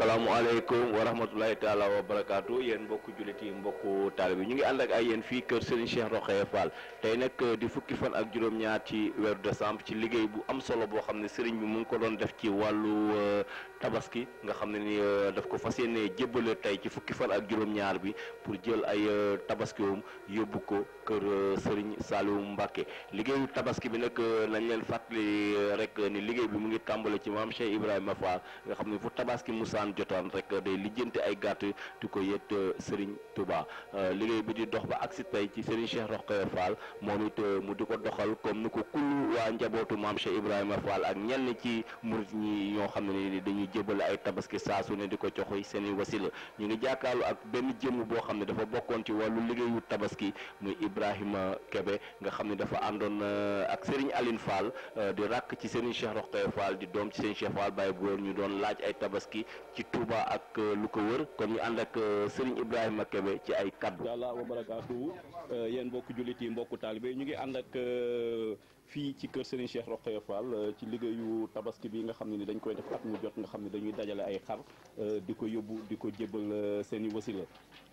salaamu wa rahmatulahi taala wa barakaatu yéen mbokku jullit yi mbokku taalibe yi ñu ngi ànd ak ay yéen fii kër Serigne Cheikh Rokhaya Fall tey nag euh, di fukki fan ak juróom-ñaar ci weeru décembre ci liggéey bu am solo boo xam ne Serigne bi mu ngi ko doon def ci wàllu euh, tabaski nga xam ne ni euh, daf ko fas yéene jébbale tey ci fukki fan ak juróom-ñaar bi pour jël ay tabaskiwum yóbbu ko kër sëriñ Saliou Mbacke liggéeyu tabaski bi nag nañ leen fàttali rek ni liggéey bi mu ngi tàmbale ci maam Cheikh Ibrahima Fall nga xam am jotaan rek day lijjanti ay gàtt di ko yët euh, Serigne Touba euh, liggéey bi di dox ba agsi tey ci Serigne Cheikh Rokhaya Fall moom it euh, mu di ko doxal comme ni ko kullu waa njabootu maam Cheikh Ibrahima Fall ak ñenn ci murit ñi ñoo xam ne ni dañuy jébal ay tabaski saa su ne di ko jox seen i wasila ñu ngi jàkkaarlu ak benn jëm boo xam ne dafa bokkoon ci wàllu liggéeyu tabaski muy Ibrahima Kebe nga xam ne dafa àndoon ak Serigne alin Fall di rakk ci Serigne Cheikh Rokhaya Fall di doom ci Serigne Cheikh Fall laaj ay tabaski ci Touba ak euh, lu ko wër kon ñu ànd ak euh, Serigne Ibrahima Kebe ci ay kaddu. yàlla wa barakaatu euh, yéen mbokku jullit yi mbokku taalibe ñu ngi ànd ak fii ci kër Serigne Cheikh Rokhaya ci liggéeyu tabaski bi nga xam ne ni dañ koy def at mu jot nga xam ne dañuy dajale ay xar di ko yóbbu di ko jëbal seen i wasila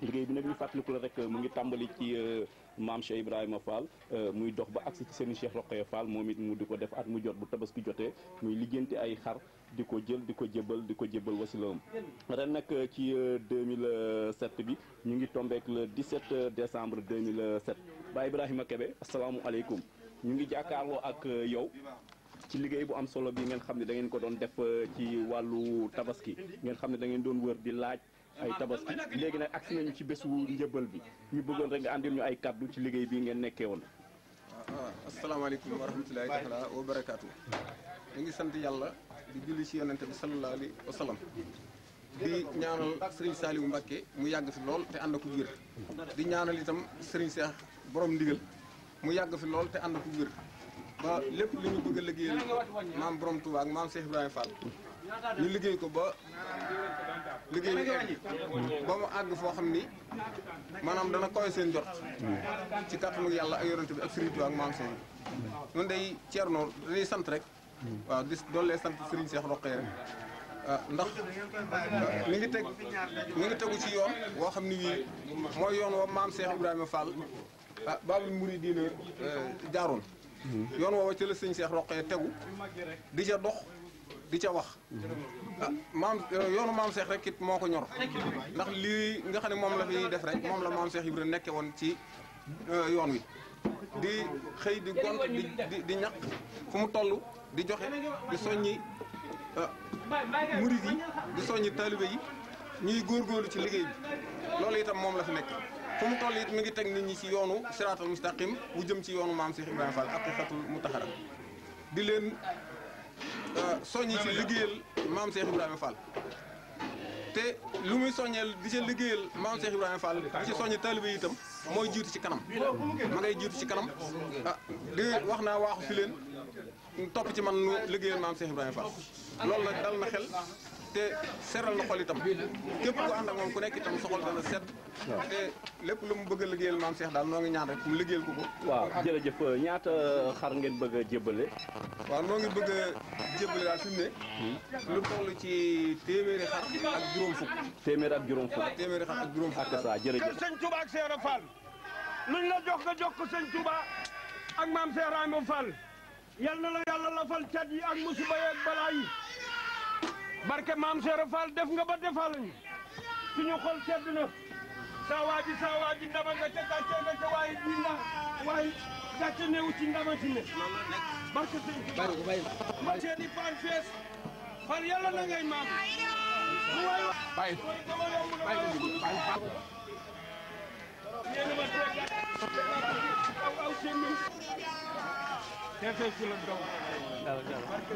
liggéey bi nag ñu fàttaliku la rek mu ngi tàmbali ci. maam Cheikh Ibrahima Fall euh, muy dox ba agsi ci seen Cheikh Rokhaya Fall moom it mu di ko def at mu jot bu tabaski jotee muy liggéeyante ay xar di ko jël di ko jëbal di ko jëbal wasilawam ren nag euh, ci 2007 euh, bi ñu ngi tombeek le 17 décembre 2007 baa Ibrahima Kebe aleykum ñu ngi jàkkaarloo ak yow ci liggéey bu am solo bi ngeen xam ne da ngeen ko doon def ci wàllu tabaski ngeen xam ne da ngeen doon wër di laaj ay tabaski léegi nag agsi nañu ci bésu njëbal bi ñu bëggoon rek nga àndil ñu ay kàddu ci liggéey bii ngeen nekkee woon. waaw ah, ah, asalaamaaleykum wa rahmatulahi taala wa barakaatu. ñu ngi sant yàlla di julli ci yonente bi sallallahu alayhi wa sallam di ñaanal Serigne Saliou Mbacke mu yàgg fi lool te ànd ak wér. di ñaanal itam Serigne Cheikh borom ndigal mu yàgg fi lool te ànd ak wér. ba lépp li ñu bëgg a liggéeyal maam borom Touba ak maam Cheikh Ibrahima ñu liggéey ko ba. liggéey bi ba mu àgg foo xam ni maanaam dana koy seen jot ci kàttanu yàlla ak yonent bi ak Serigne Touba ak maam seen ñun day Thierno dañuy sant rek waaw di doollee sant Serigne Cheikh Roqe rek ah, ndax ah, mi ngi teg mi ngi tegu ci yoon woo xam ni wii mooy yoon wa maam Cheikh Ibrahima Fall ah Baabul Muridiina eh, jaaroon hmm. yoon woowa ci la Serigne Cheikh Roqe tegu di ca dox di ca wax ah, maam euh, yoonu maam seex rek it moo ko ñor ndax lii nga xam ne moom la fi def rek moom la maam Cheikh Ibrahima nekke woon ci euh, yoon wi di xëy di gont di di ñaq fu mu toll di joxe di soññi euh, murid yi di soññi taalibe yi ñuy góorgóorlu ci liggéey bi loolu itam moom la fi nekk fu mu toll it mu ngi teg nit ñi ci yoonu siraatul mustaqim bu jëm ci yoonu maam Cheikh Ibrahima Fall ak xeetu mu taxara di leen Euh, soññi ci liggéeyal maam Cheikh Ibrahima Fall te lu muy soññeel di ci liggéeyal maam Cheikh Ibrahima Fall di ci soññi taalibe itam mooy jiitu ci kanam ma ngay jiitu ci kanam ah di wax naa waaxu fi leen topp ci man nu liggéeyal maam Cheikh Ibrahima Fall loolu nag dal na xel te seral a xol itam képp ku ànd ak moom ku nekk itam soxol dana sedd te lu mu bëgg a liggéeyal maam Cheikh daal noo ngi ñaan rek mu ko ko waaw jërëjëf ñaata xar ngeen a jébbale waaw noo ngi a jébbale daal fi mu ne hmm. lu toll ci téeméeri xar ak juróom fukk téeméeri ak juróom fukk téeméeri xar ak juróom fukk ak saa jërëjëf sëñ Touba ak Cheikh la ak maam Cheikh Rahma Fall yal na la yàlla lafal cat yi ak musiba yi ak balaa yi barke maam Cheikh Fall def nga ba defal ñu xol sedd na saa waa saa waa ndama nga ca gàcce nga ca waaye ji na waaye gàcce newu ndama ci ne barke sëñ ma seen i fees fan yàlla na ngay maam waay waay dama yomb dama aw aw seen teefee ci la daw barke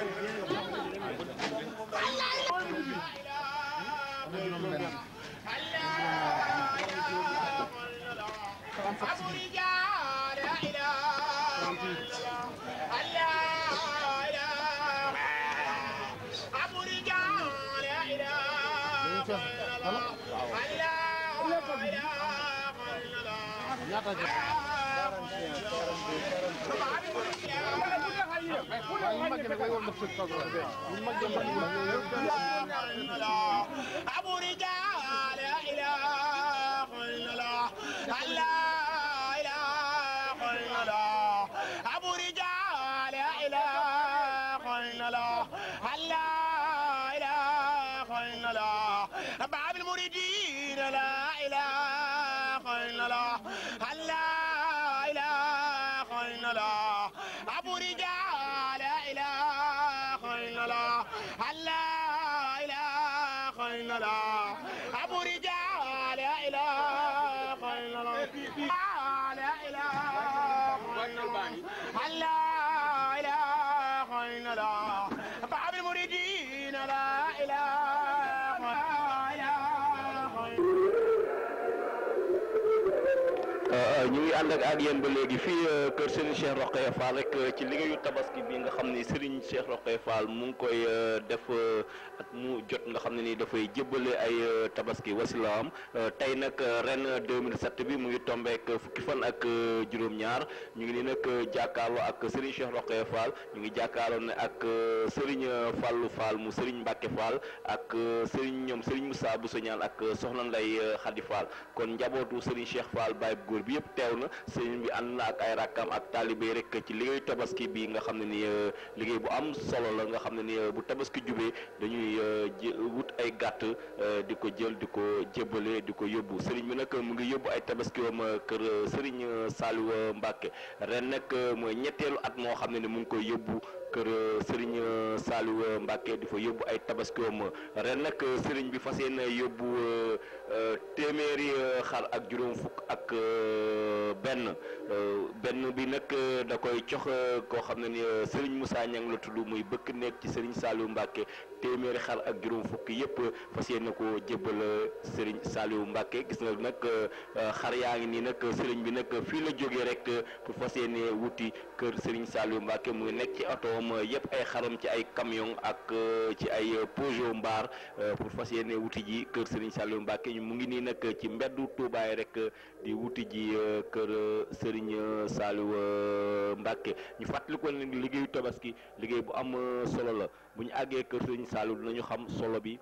أبو رجال ànd ak ak yéen ba léegi fii euh, Serigne Cheikh Rokhaya Fall rek euh, ci liggéeyu tabaski bi nga xam ne Serigne Cheikh Rokhaya Fall mu ngi koy euh, def euh, at mu jot nga xam ne ni dafay jébbale ay tabaski wasilaam tey nag ren 2007 bi mu ngi tombeek fukki fan ak juróom-ñaar ñu ngi nii nag jàkkaarloo ak Serigne Cheikh Rokhaya Fall ñu ngi jàkkaarloo ne ak Serigne Fallou Fall mu Serigne Mbacke Fall ak Serigne ñoom Serigne Moussa bu Niane ak Soxna Ndeye Khady Fall kon njabootu Serigne Cheikh Fall Baye góor bi yëpp teew na Serigne bi ànd na ak ay rakkam ak taalibe rek ci liggéeyu tabaski bi nga xam ne ni euh, liggéey bu am solo la nga xam ne ni euh, bu tabaski jubee dañuy euh, wut ay gàtt di ko jël di ko jébbale di ko yóbbu sëriñ bi nag mu ngi yóbbu ay tabaski wam kër sëriñ Saliou Mbacke ren nag mooy ñetteelu at moo xam ne ni mu ngi koy yóbbu kër sëriñ Saliou Mbacke di fa yóbbu ay tabaskiwam ren nag sëriñ bi fas yéene yóbbu téeméeri xar ak juróom fukk ak benn benn bi nag euh, da koy jox euh, koo xam ne ni euh, Serigne Moussa Niang la tudd muy bëkk nekk ci Serigne Saliou Mbacke téeméeri xar ak juróom fukk yëpp fas yéene ko jébbal euh, sëriñ Saliou Mbacke gis nga nag euh, xar yaa ngi nii nag sëriñ bi nag fii la jógee rek euh, pour fas yéene wuti kër sëriñ Saliou Mbacke mu ngi nekk ci otoom yëpp ay xaram ci ay camion ak ci ay Peugeot mbaar pour fas yéene wuti ji kër sëriñ Saliou Mbacke mu ngi nii nag ci mbeddu Touba rek di wuti ji kër sëriñ Saliou Mbacke ñu fàttali ko liggéeyu tabaski liggéey bu am solo la bu ñu àggee kër Sëriñ Saliou dinañu xam solo bi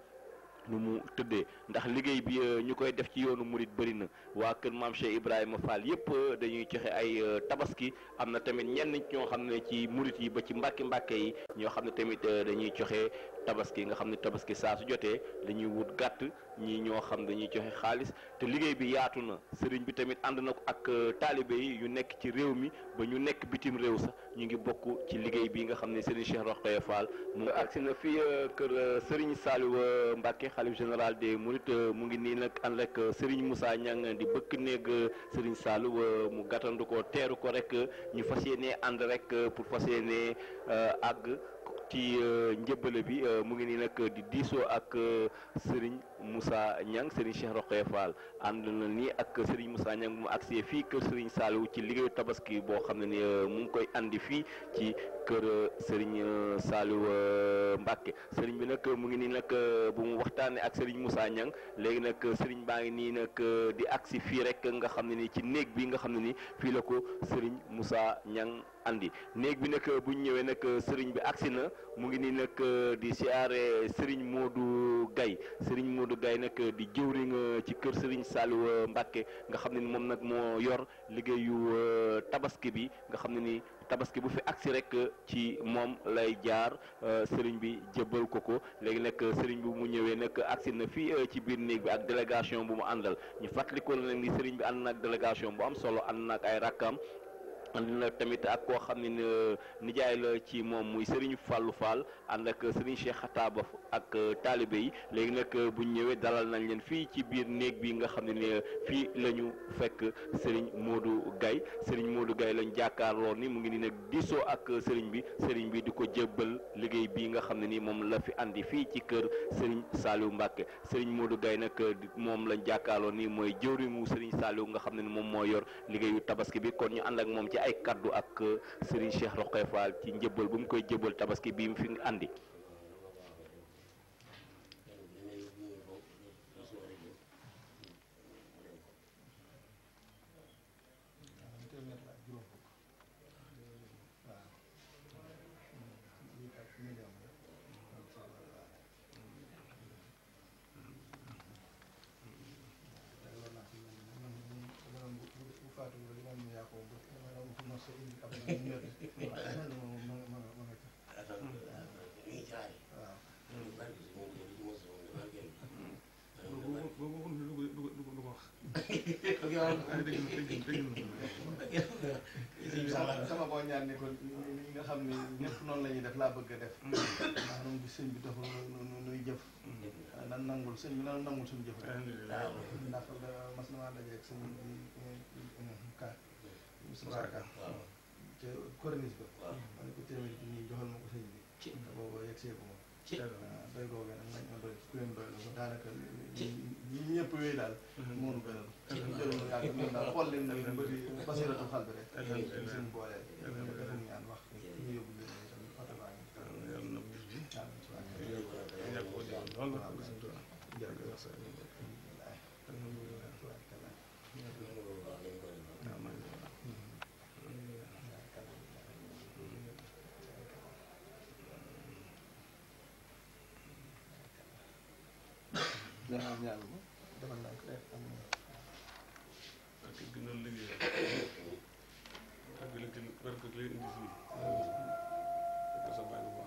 nu mu tëddee ndax liggéey bi euh, ñu koy def ci yoonu murit bëri na waa kër maam Cheikh Ibrahima Fall yëpp euh, dañuy joxe ay euh, tabaski am na tamit ñenn ñoo xam ne ci murit yi ba ci mbàkki mbàkke yi ñoo xam ne tamit dañuy joxe tabaski nga xam ne tabaski saa su jotee dañuy wut gàtt ñii ñoo xam dañuy joxe xaalis te liggéey bi yaatu na sëriñ bi tamit ànd na ko ak euh, taalibe yi yu nekk ci réew mi ba ñu nekk bitim réew sax ñu ngi bokk ci liggéey bi nga xam ne sëriñ Cheikh Rokhaya Fall mu agsi na fii euh, kër euh, sëriñ Saliou Mbacké xalif général des Mourides mu ngi nii nag ànd rek sëriñ Moussa Niang di bëkk néeg sëriñ Saliou mu gàttandu ko teeru ko rek ñu fas yéenee ànd rek pour fas yéenee àgg ci euh, njëbbale bi euh, mu ngi nii nag di diisoo ak euh, Serigne Moussa Niang Serigne Cheikh Roqe Fall ànd na nii ak Serigne Moussa Niang mu agsee fii kër Serigne Saliou ci liggéeyu tabaski boo xam ne ni mu ngi koy andi fii ci kër euh, Serigne euh, Saliou euh, Mbacke sëriñ bi nag mu ngi nii nag bu mu waxtaanee ak sëriñ Moussa Niang léegi nag Serigne baa ngi nii nag di agsi fii rek nga xam ne nii ci néeg bi nga xam ne nii fii la ko Serigne Moussa Niang andi néeg bi nag bu ñëwee nag Serigne bi agsi na mu ngi nii nag di siyaare Serigne Modou Gaye Serigne Modou gay nag di jëwriñ ci kër sëriñ Saliou Mbacke nga xam ne ni moom nag moo yor liggéeyu tabaski bi nga xam ne nii. tabaski bu fi agsi rek euh, ci moom lay jaar euh, sëriñ bi jébbal ko ko léegi nag euh, sëriñ bi mu ñëwee nag agsi na fii ci biir néeg bi ak délégation bu mu àndal ñu fàttalikoo nag ngi sëriñ bi ànd na ak délégation bu am solo ànd na ak ay rakkam ànd na tamit ak koo xam ne euh, nijaay la ci moom muy Serigne Fallou Fall ànd ak Serigne Cheikh Xataaba ak euh, taalibe yi léegi nag euh, bu ñëwee dalal nañ leen fii ci biir néeg bi nga xam ne ni fii la ñu fekk sëriñ Modou Gaye Serigne Modou Gaye lañ jàkkaarloo ni mu ngi nii nag diisoo ak Serigne bi sëriñ bi di ko jëbbal liggéey bii nga xam ne nii moom la fi andi fii ci kër Serigne Saliou Mbacke Serigne Modou Gaye nag moom lañ jàkkaarloo ni mooy jëwriñu Serigne Saliou nga xam ne ni moom moo yor liggéeyu tabaski bi kon ñu ànd ak moom ci ay kàddu ak euh, Serigne Cheikh Rokhaya ci njëbal bu mu koy jëbbal tabaski bii mu fi àndi sama boo ñaan ne ko ñi nga xam ne ñëpp noonu la def laa bëgg a def mm. ndax noonu bi sëñ bi doxul mm. nan nangul sëñ bi nan nangul suñu jëf ndax mas na maa dajeeg sëñ bi ka msaka ca corniche ba ma ko téeméer bi nii joxal ma ko sëñ bi boobu yegg seeku ma ci doy googu nag lañ doy ku leen doy la ko daanaka ñi ñëpp wéy daal moonu benn ci jëloon yàgg ñoom daal xool leen muy bëri basiratu xal bi rek seen boole dafa ñaan wax ñu yóbbu leen tamit oto baa ngi yàlla na bis bi gannaaw ñaan bi dama a liggéey rek gën a barke lay indi fii. parce que sa bàyyi ko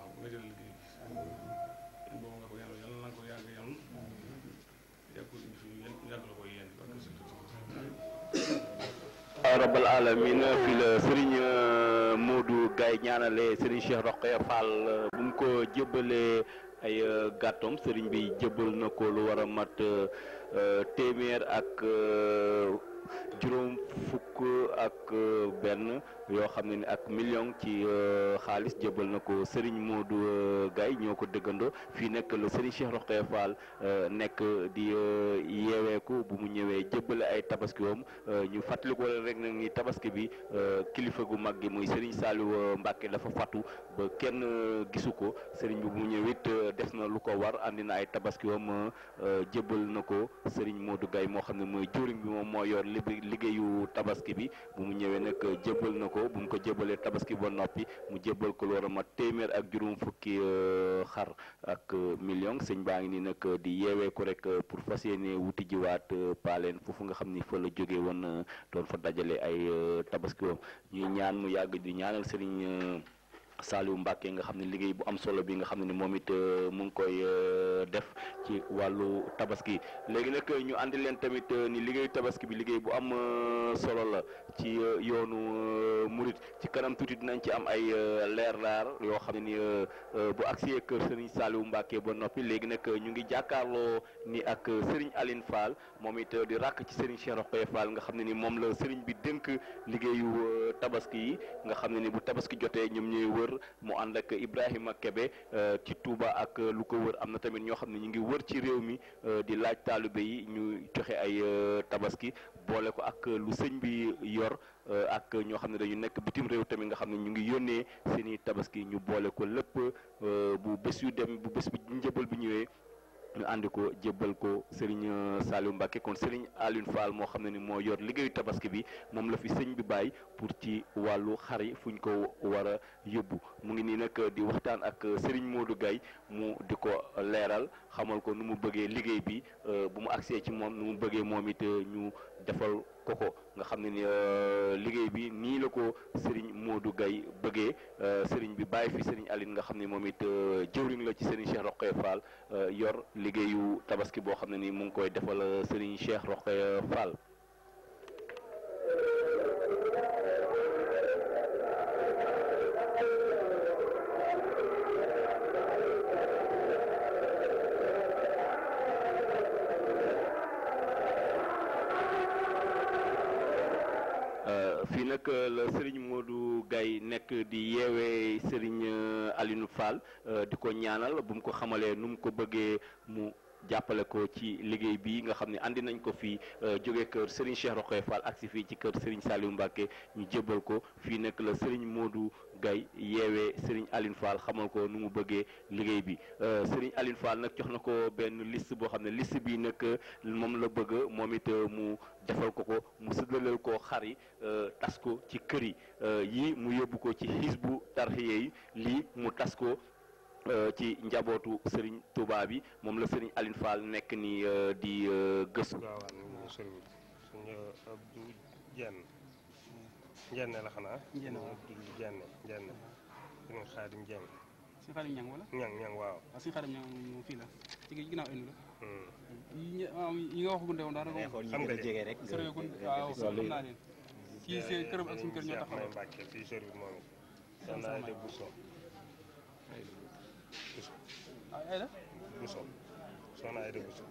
yàlla bu mu ko jébbalee. ay euh, gàttoom sëriñ bi jëbal na ko lu war a mat euh, euh, téeméer ak juróom fukk fukk ak euh, benn yoo xam ne ni ak million ci euh, xaalis jébal na ko Serigne Modou euh, Gaye ñoo ko dëggandoo fii nekk la Serigne Cheikh Rokhaya nekk di yeeweeku bu mu ñëwee jébbale ay tabaski woom ñu fàttali ko rek na ni tabaski bi kilifa gu mag gi muy Serigne Saliou Mbacke dafa fàttu ba kenn gisu ko Serigne bi bu mu ñëwee it def na lu ko war andi na ay tabaski woom jébbal na ko Serigne Modou Gaye moo xam ne mooy jëwriñ bi moom moo yor liggéeyu tabaski bi bu mu ñëwee nag jébbal na ko bu mu ko jébbalee tabaski ba noppi mu jébbal ko lu war a mat téeméer ak juróom fukki euh, xar ak euh, million sëñ baa ngi ni nag di yeewee ko rek euh, pour fas yéene wuti jiwaat paaleen foofu nga xam ni fa la jógee woon doon fa dajalee ay tabaski woom ñuy ñaan mu yàgg di ñaanal sëriñ Saliou Mbacke nga xam ne liggéey bu am solo bi nga xam ne ni moom it euh, mu ngi koy euh, def ci wàllu tabaski léegi nag ñu àndi leen tamit euh, ni liggéeyu tabaski bi liggéey bu am solo la ci yoonu murit ci kanam tuuti dinañ ci am ay leer laar yoo xam ne ni bu agsi kër Serigne Saliou Mbacke ba noppi léegi nag ñu ngi jàkkaarloo ni ak sëriñ Aline Fall moom it di ràkk ci Serigne Cheikh Rokhaya nga xam ne ni moom la Serigne bi dénk liggéeyu tabaski yi nga xam ne wër mu ànd ak Ibrahima Kebe euh, ci Touba ak euh, lu ko wër am na tamit ñoo xam ne ñu ngi wër ci réew mi euh, di laaj taalibe yi ñu joxe ay tabaski boole ko ak lu sëñ bi yor ak ñoo xam ne dañu nekk bitim réew tamit nga xam ne ñu ngi yónnee seeni tabaski ñu boole ko lépp bu bés yu dem bu bés bi njëbal bi ñëwee ñu àndi ko jébbal ko Serigne euh, Saliou Mbacke kon Serigne Alioune Fall moo xam ne ni moo yor liggéeyu tabaski bi moom la fi sëñ bi bàyyi pour ci wàllu xari fu ñu ko war yóbbu mu ngi nii nag di waxtaan ak euh, Serigne moodu Gaye mu di ko leeral xamal ko nu mu bëggee liggéey bi euh, bu mu agsee ci moom nu mu bëggee moom it ñu. defal koko nga xam ne ni euh, liggéey bi nii la ko Serigne Modou Gaye bëggee euh, Serigne bi bàyyi fi Serigne Aline nga xam ne moom it euh, jëwriñ la ci Serigne Cheikh Roqe Fall yor liggéeyu tabaski boo xam ne ni mu ngi koy defal Serigne Cheikh Roqe Fall. nag euh, la Serigne Modou Gaye nekk di yeewee Serigne euh, Alioune Fall euh, di ko ñaanal bu mu ko xamalee nu mu ko bëggee mu. jàppale ko ci liggéey bi nga xam ne andi nañ ko fii euh, jóge kër Serigne Cheikh Rokhaya Fall agsi fii ci kër Serigne Saliou Mbacke ñu jébbal ko fii nekk la Serigne Modou Gaye yeewee Serigne Aline Fall xamal ko nu mu bëggee liggéey bi euh, Serigne Aline Fall nag jox na ko benn list boo xam ne list bi nag moom la bëgg moom it euh, mu defal ko ko mu sëddaleel ko xar yi tas ko ci kër yi yii mu yóbbu ko ci xisbu tarxiye yi lii mu tas ko ci njabootu sëriñ tubaab yi moom la sëriñ Aline Fall nekk ni di gëstu. jenn jenne la xanaa. jenne waaw jenne jenne. sëñ Xaadim Jeng. sëñ Xaadim Ñang wala. Ñang Ñang waaw. la ci ginnaaw indi la. yi nga wax gunde woon daanaka. xam nga jege rek. waaw xam ñoo taxaw. fii sori moom it. soxna Bousso soxna Aïda Bousso.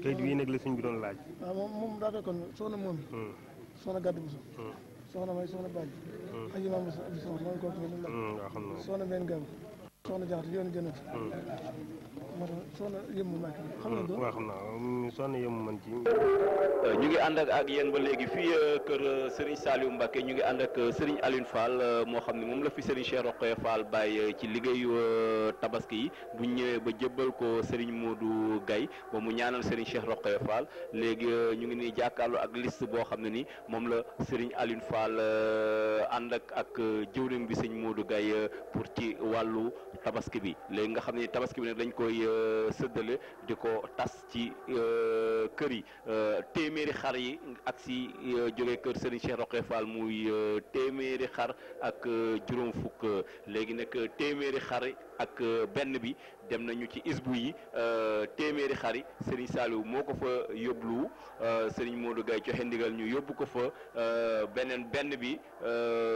kayit bii nag la sëñ bi doon laaj. waaw moom moom daa fekkoon soxna moom. soxna gàddu Bousso. soxna may soxna Badji. ak imam Bousso ak soxna mooy kooku soxna jaxat yoonu jënd. Hmm, waaw xam naa hmm, soxna yëmu man ci euh, ñu ngi ànd ak ak yéen ba léegi fii euh, kër euh, Serigne Saliou Mbacke ñu ngi ànd ak Serigne Alioune Fall moo xam ne moom la fi Serigne Cheikh Roqe Fall bàyyi ci liggéeyu tabaski yi bu ñëwee ba jébbal ko Serigne Modou Gaye ba mu ñaanal Serigne Cheikh Roqe Fall léegi ñu ngi nii jàkkaarloo ak list boo xam ne ni moom la Serigne Alioune Fall ànd ak ak jëwriñ bi Serigne moodu Gaye pour ci wàllu tabaski bi léegi nga xam ne tabaski bi nag dañ koy Euh, sëddale di ko tas ci euh, kër yi euh, téeméeri xar yi ak si jógee kër Serigne Cheikh Roqe muy téeméeri xar ak juróom fukk léegi nag téeméeri xar ak benn bi dem nañu ci isbu yi euh, téeméeri xari Serigne Saliou moo ko fa yóbbu euh, Serigne Modou Gaye joxe ndigal ñu yóbbu ko fa euh, beneen benn bi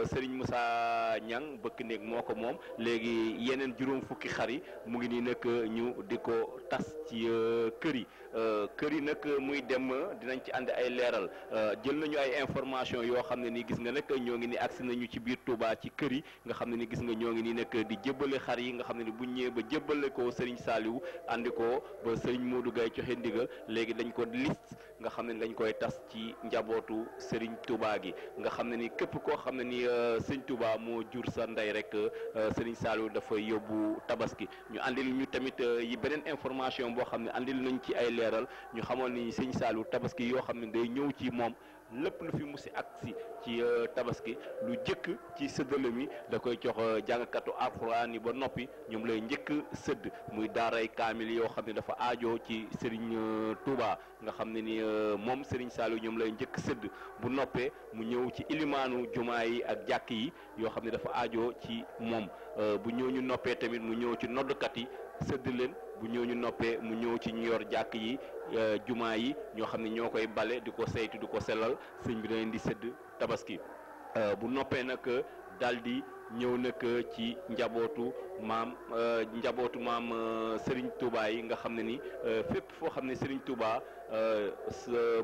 Serigne Moussa Niang bëkk néeg moo ko moom léegi yeneen juróom fukki xari mu ngi nii nag ñu di ko tas ci kër yi kër yi nag muy dem dinañ ci ànd ay leeral jël nañu ay information yoo xam ne ni gis nga nag ñoo ngi ni agsi nañu ci biir Touba ci kër yi nga xam ne ni gis nga ñoo ngi nii nag di jébbale xar yi nga xam ne ni bu ñëwee ba jébbale ko ko Serigne Saliou andi ko ba Serigne Modou Gaye ndiga léegi dañ ko liste nga xam ne dañ koy tas ci njabootu Serigne tubaa gi nga xam ne ni képp koo xam ne ni euh, sëñ Touba moo jur sa ndey rek euh, sëriñ Saliou dafa yóbbu tabaski ñu andil ñu tamit euh, yi beneen information boo xam ne andil nañ ci ay leeral ñu xamoon ni Serigne Saliou tabaski yoo xam ne day ñëw ci moom. lépp lu fi musi ak si ci euh, tabaski lu jëkk ci sëddale mi da koy jox euh, jàngkatu alxuraan yi ba noppi ñoom lay njëkk sëdd muy daaray kaamil yoo xam ne dafa aajoo ci Serigne euh, Touba nga xam ne ni moom Serigne Saliou ñoom lay njëkk sëdd bu noppee mu ñëw ci ilimaanu jumaa yi ak jàkk yi yoo xam ne dafa aajoo ci moom bu ñëw ñu noppee tamit mu ñëw ci noddukat yi sëdd leen bu ñu noppee mu ñëw ci ñu jàkk yi euh, jumaa yi ñoo xam ne ñoo koy bale di ko saytu di ko sellal sëñ bi da leen di sëdd tabaski euh, bu noppee nag daldi ñëw nag ci njabootu maam euh, njabootu maam euh, Serigne Touba yi nga xam ne ni euh, fépp foo xam ne Serigne Touba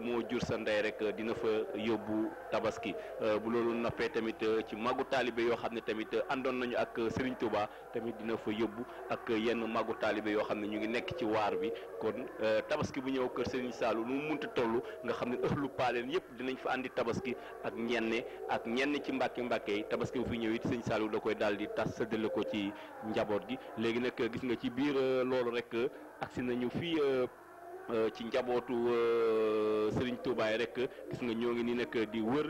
moo jur sa ndey rek dina fa yóbbu tabaski bu loolu nappee tamit ci màggu taalibe yoo xam ne tamit àndoon nañu ak Serigne Touba tamit dina fa yóbbu ak yenn màggu taalibe yoo xam ne ñu ngi nekk ci waar bi kon tabaski bu ñëw kër Serigne Saalu nu mu munti toll nga xam ne lu paaleen yëpp dinañ fa andi tabaski ak ñenne ak ñenn ci mbàkke mbàkke yi tabaski bu fi ñëw it Serigne Saalu da koy daal di tas sëddale ko ci. njaboot gi léegi nag gis nga ci biir euh, loolu rek agsi nañu fii euh, euh, ci njabootu Serigne Touba rek gis nga ñoo ngi nii nag di wër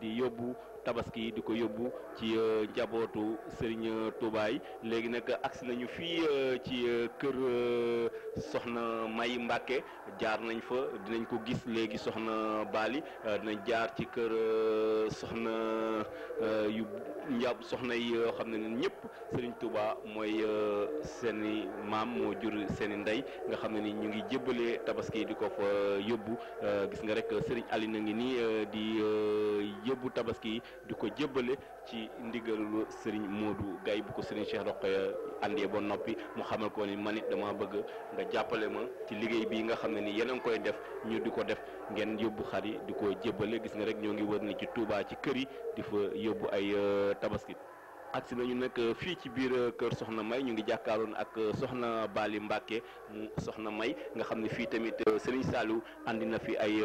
di yóbbu tabaski di ko yóbbu ci euh, njabootu sëriñ Touba yi léegi nag agsi nañu fii euh, ci euh, kër soxna May mbakke jaar nañ fa dinañ ko gis léegi soxna baali dinañ jaar ci kër soxna yu njab soxna yi yoo xam ne ñëpp Serigne Touba mooy seeni maam moo jur seeni ndey nga xam ne ni ñu ngi jébbalee tabaski di ko fa yóbbu gis nga rek Serigne Ali na ngi nii di yóbbu tabaski di ko jébbale ci ndigalu sëriñ du Gaye bu ko sëriñ Cheikh Rokhaya àndee ba noppi mu xamal ko ni man it dama bëgg nga jàppale ma ci liggéey bii nga xam ne ni yeneen koy def ñu di ko def ngeen yóbbu xar yi di ko jébbale gis nga rek ñoo ngi wër na ci Touba ci kër yi di fa yóbbu ay euh, tabaski agsi ñu nag euh, fii ci biir euh, kër Soxna May ñu ngi jàkkaaroon ak euh, Soxna Bali Mbàkke mu Soxna May nga xam ne fii tamit Serigne Saliou andi na fi ay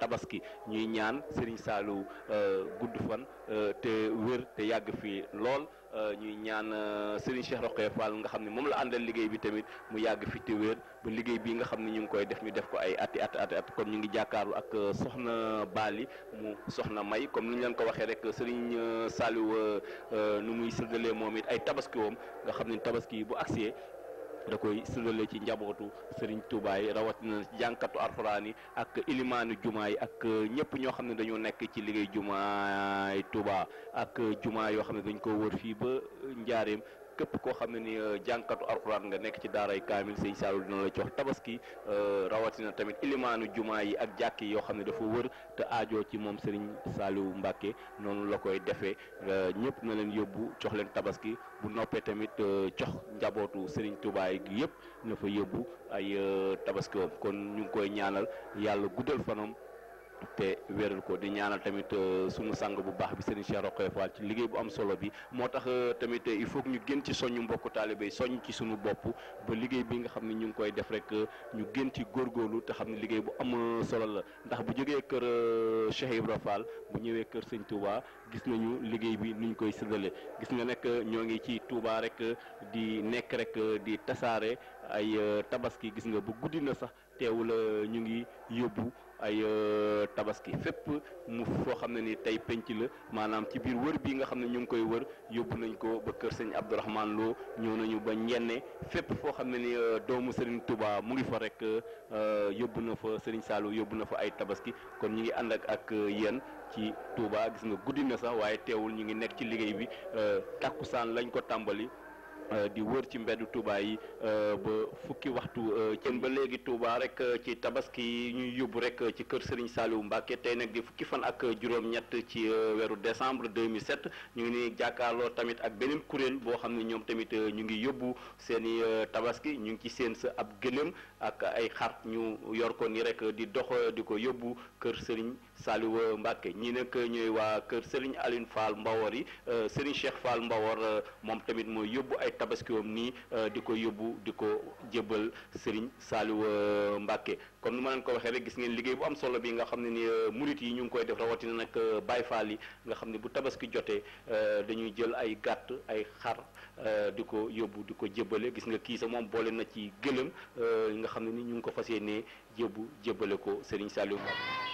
tabaski ñuy ñaan Serigne Saliou gudd fan te wér te yàgg fii lool. Euh, ñuy ñaan euh, Serigne Cheikh Roqe Fall nga xam ne moom la àndal liggéey bi tamit mu yàgg fi te ba liggéey bii nga xam ne ñu ngi koy def ñu def ko ay ati at ati at kon ñu ngi jàkkaarlu ak euh, soxna baali mu soxna May comme ni ñu leen ko waxee rek Serigne Saliou nu muy séddalee moom it ay tabaski woom nga xam ne tabaski bu agsee da koy séddale ci njabootu Serigne Touba yi rawatina jànkatu alxuraan yi ak ilimaanu jumaa yi ak ñëpp ñoo xam ne dañoo nekk ci liggéey jumaay Touba ak jumaa yoo xam ne dañ ko wër fii ba njaareem képp koo xam ne ni euh, jànkatu alxuraan nga nekk ci daaray kaamil sëñ Saliou dina la jox tabaski euh, rawatina tamit ilimaanu jumaa yi ak jàkk yi yoo xam ne dafa wër te aajoo ci moom sëriñ Saliou Mbacke noonu la koy defee euh, ñëpp na leen yóbbu jox leen tabaski bu noppee tamit jox njabootu sëriñ tubaay gi yëpp na fa yóbbu ay tabaski woom kon ñu ngi koy ñaanal yàlla guddal fanam te wéral ko di ñaanal tamit euh, sunu sang bu baax bi Serigne Cheikh Rokhaya Fall ci liggéey bu am solo bi moo tax euh, tamit euh, il faut ñu gën ci soññu mbokku taalibe soññ ci sunu bopp ba liggéey bi nga xam ne ñu ngi koy def rek ñu gën ci góor góorlu te xam ne liggéey bu am solo la ndax bu jógee kër Cheikh Ibra Fall bu ñëwee kër Sëñ Touba gis nañu liggéey bi nuñ koy séddale gis nga nekk ñoo ngi ci Touba rek di nekk rek di tasaare ay tabaski gis nga bu guddi na sax teewul ñu ngi yóbbu. ay euh, tabaski fépp mu foo xam ne ni tey penc la maanaam ci biir wër bi nga xam ne ñu ngi koy wër yóbbu nañ ko ba kër sëñ Abdourahmane Lo ñëw nañu ba ñenne fépp foo xam ne ni euh, doomu Serigne Touba mu ngi fa rek euh, yóbbu na fa Serigne Saliou yóbbu na fa ay tabaski kon ñu ngi ànd ak ak yéen ci Touba gis nga guddi na sax waaye teewul ñu ngi nekk ci liggéey bi takkusaan lañ ko tàmbali. Euh, di wër ci mbeddu Touba yi euh, ba fukki waxtu cën euh, ba léegi Touba rek ci tabaski yi ñuy yóbbu rek ci kër Serigne Saliou Mbacke tey nag di fukki fan ak juróom-ñett ci weeru décembre 2007 ñu ngi ni jàkkaarloo tamit ak beneen kuréel boo xam ne ñoom tamit ñu ngi yóbbu seen i tabaski ñu ngi ci seen sa ab gëléem ak ay xar ñu yor ko ni rek di dox di ko yóbbu kër Serigne Saliou Mbacke ñii nag ñooy waa kër Serigne Aline Fall Mbawor yi Serigne Cheikh Fall Mbawor moom tamit mooy yóbbu tabaski woom nii euh, di ko yóbbu di ko jëbbal Serigne Saliou euh, Mbacké comme ni ma leen ko waxee rek gis ngeen liggéey bu am solo bi nga xam ne ni euh, murit yi ñu ngi koy def rawatina nag Baye Fall yi nga xam ne bu tabaski jotee dañuy jël ay gàtt ay xar di ko yóbbu di ko jébbale gis nga kii sa moom boole na ci gëlëm li nga xam ne ni ñu ngi ko fas yéenee jëbbu jébbale ko Serigne Saliou Mbacké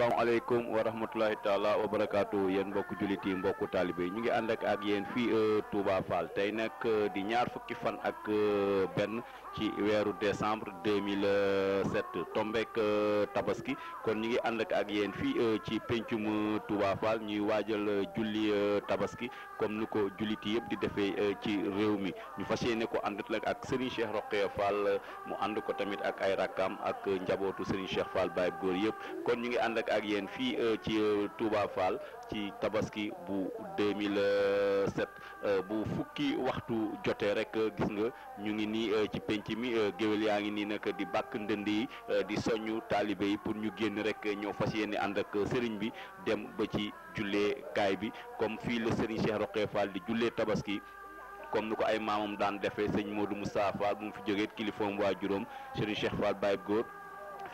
asalaamaaleykum wa rahmatulahi taala wa barakaatu yéen mbokku jullit yi mbokku taalibe yi ñu ngi ànd ak ak yéen fii euh, Touba Fall tey nag euh, di ñaar fukki fan ak euh, benn ci weeru décembre 2007 tombeek euh, tabaski kon ñu ngi ànd ak yéen fii euh, ci pencum euh, Touba Fall ñuy waajal julli tabaski comme nu ko julliti yëpp di defee ci réew mi ñu fas yéene ko ànd ak Serigne Cheikh Roqe Fall mu ànd ko tamit ak ay rakkaam ak njabootu Serigne Cheikh Fall Baye góor yëpp kon ñu ngi ànd ak yéen fii ci Touba Fall ci tabaski bu 2007 bu fukki waxtu jotee rek gis nga ñu ngi nii ci penc mi géwél yaa ngi nii. nag di bàkk ndënd yi eh, di soññu taalibe yi pour ñu génn rek ñëw fas yéene ànd ak sëriñ bi dem ba ci jullee kaay bi comme fii la sëriñ Cheikh Roqe Fall di jullee tabaski comme ni ko ay maamam daan defee sëñ Modou Moussa Fall bu mu fi jógee kilifoom waa juróom sëriñ Cheikh Fall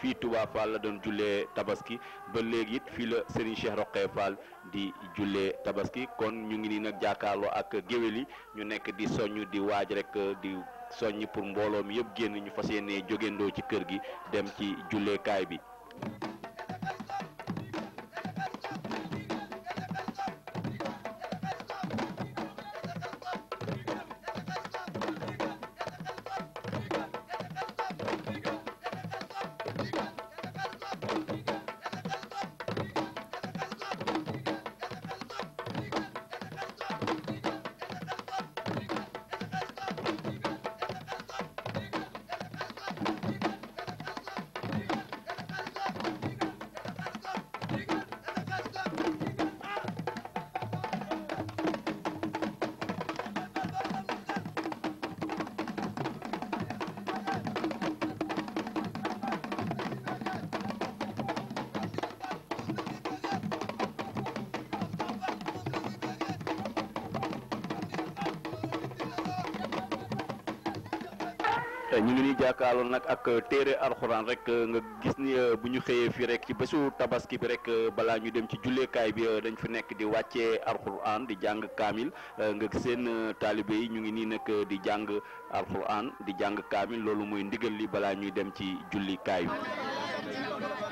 fii Touba la doon jullee tabaski ba léegi fii la Serigne Cheikh Roqee Fall di jullee tabaski kon ñu ngi nii nag jàkkaarloo ak géwél yi ñu nekk di soññ di waaj rek eh, di soññi pour mbooloom yëpp génn ñu fas yéenee jógendoo ci kër gi dem ci julleekaay bi ñu ngi ñuy jàkkaarloon nag ak téere alxuraan rek nga gis ni euh, bu ñu xëyee fii rek ci bésu tabaski bi rek euh, balaa ñu dem ci julleekaay bi euh, dañ fi nekk di wàccee alxuraan di jàng kaamil nga seen taalibe yi ñu ngi nii nag di jàng alxuraan di jàng kaamil loolu mooy ndigal li balaa ñuy dem ci jullikaay bi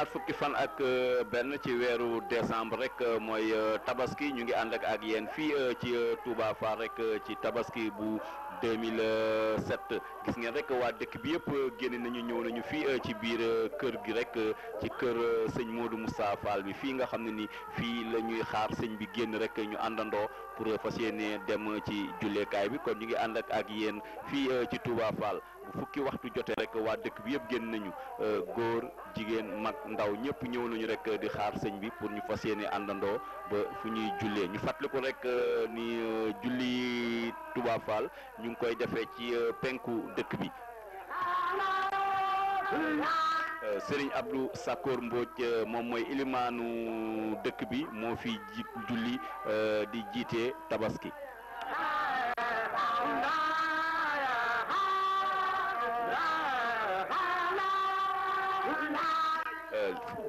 ñaar fukki fan ak euh, benn ci weeru décembre rek euh, mooy euh, tabaski ñu ngi ànd ak ak yéen fii ci Touba Fall rek ci tabaski bu 2007 gis ngeen rek waa dëkk bi yëpp génn nañu ñëw nañu fii ci biir kër gi rek ci kër sëñ Modou Moussa Fall bi fii nga xam ne ni fii la ñuy xaar sëñ bi génn rek ñu àndandoo pour fas yéene dem ci julleekaay bi kon ñu ngi ànd ak ak yéen fii ci Touba Fall. bu fukki waxtu jotee rek waa dëkk bi yëpp génn nañu euh, góor jigéen mag ndaw ñëpp ñëw nañu rek euh, di xaar sëñ bi pour ñu fas yéene àndandoo ba fu ñuy jullee ñu fàttaliku rek euh, ni julli Touba Fall ñu ngi koy defee ci penku dëkk bi. Sëriñ Abdou Sakor Mbodj moom mooy ilimaanu dëkk bi moo fi ji julli di jiite tabaski.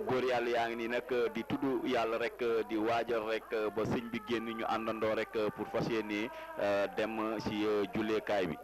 góor yàlla yaa ngi nii nag euh, di tudd yàlla rek euh, di waajal rek euh, ba sëñ bi génn ñu àndandoo rek pour fas yéene dem ci julleekaay bi.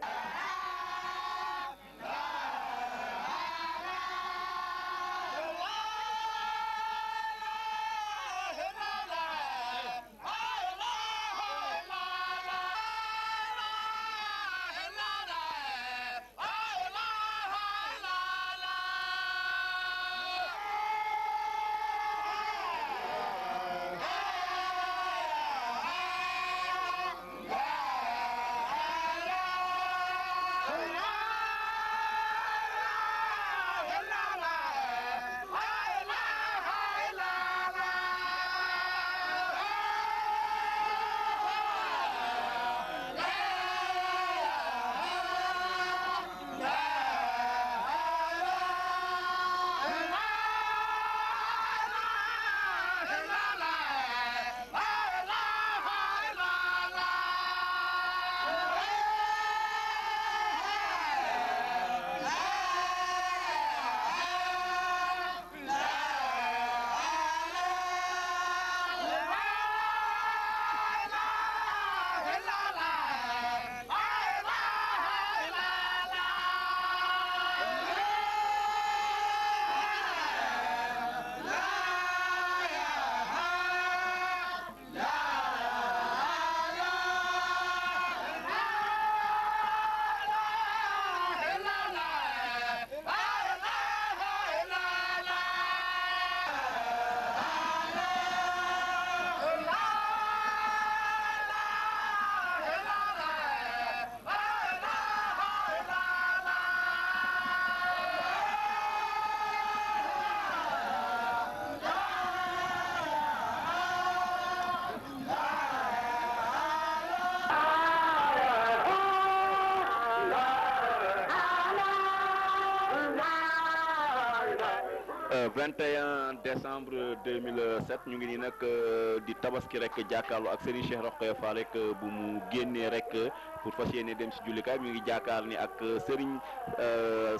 21 décembre 2007 ñu ngi nii nag euh, di tabaski rek jàkkaarloo ak Serigne Cheikh Rokhaya Fall rek euh, bu mu génnee rek euh, pour fas yéene dem si jullikaay mi ngi jàkkaar ni ak Serigne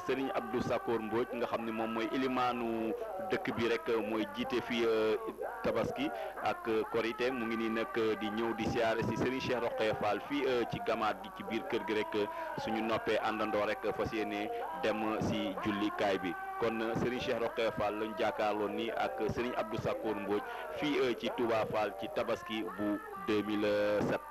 Serigne Abdou Sakor Mbodj nga xam ne moom mooy ilimaanu dëkk bi rek mooy jiite fi tabaski ak korite mu ngi nii nag di ñëw di si Serigne Cheikh Rokhaya Fall ci gamaat gi ci biir kër gi rek suñu noppee àndandoo rek fas yéene dem si jullikaay bi kon Serigne Cheikh Rokhaya lañu jàkkaarloo nii ak Serigne Abdou Sakor mbooj fii euh, ci Touba ci tabaski bu 2007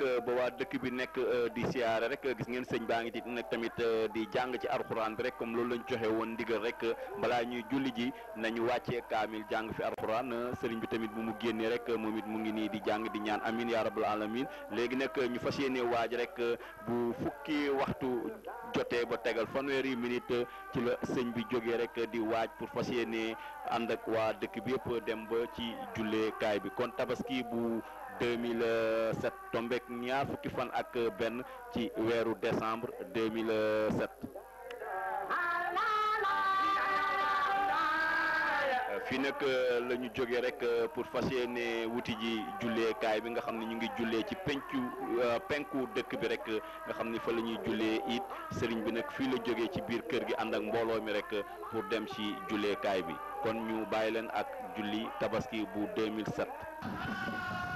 Euh, ba waa dëkk bi nekk euh, di siyaare rek gis ngeen sëñ baa ngi ci nag tamit euh, di jàng ci alxuraan bi rek comme loolu lañ joxe woon ndigal rek balaa ñuy julli ji nañu wàccee kaamil jàng fi alxuraan sëriñ bi tamit bu mu génnee rek moom it mu ngi nii di jàng di ñaan amin ya rabbal alamin léegi nag ñu fas yéene waaj rek bu fukki waxtu jotee ba tegal fanweeri minute ci la sëñ bi jógee rek di waaj pour fas yéene ànd ak waa dëkk bi yëpp dem ba ci jullee kaay bi kon tabaski bu 2007 tombeek ñaar fukki fan ak benn ci weeru décembre 2007 fii nag euh, la ñu jógee rek euh, pour fas ne wuti ji julleekaay bi nga xam ni ñu ngi jullee ci pencu euh, penku dëkk bi rek nga xam ni fa la ñuy jullee it sëriñ bi nag fii la jóge ci biir kër gi ànd ak mbooloo mi rek pour dem ci julleekaay bi kon ñu bàyyi leen ak julli tabaski bu 2007.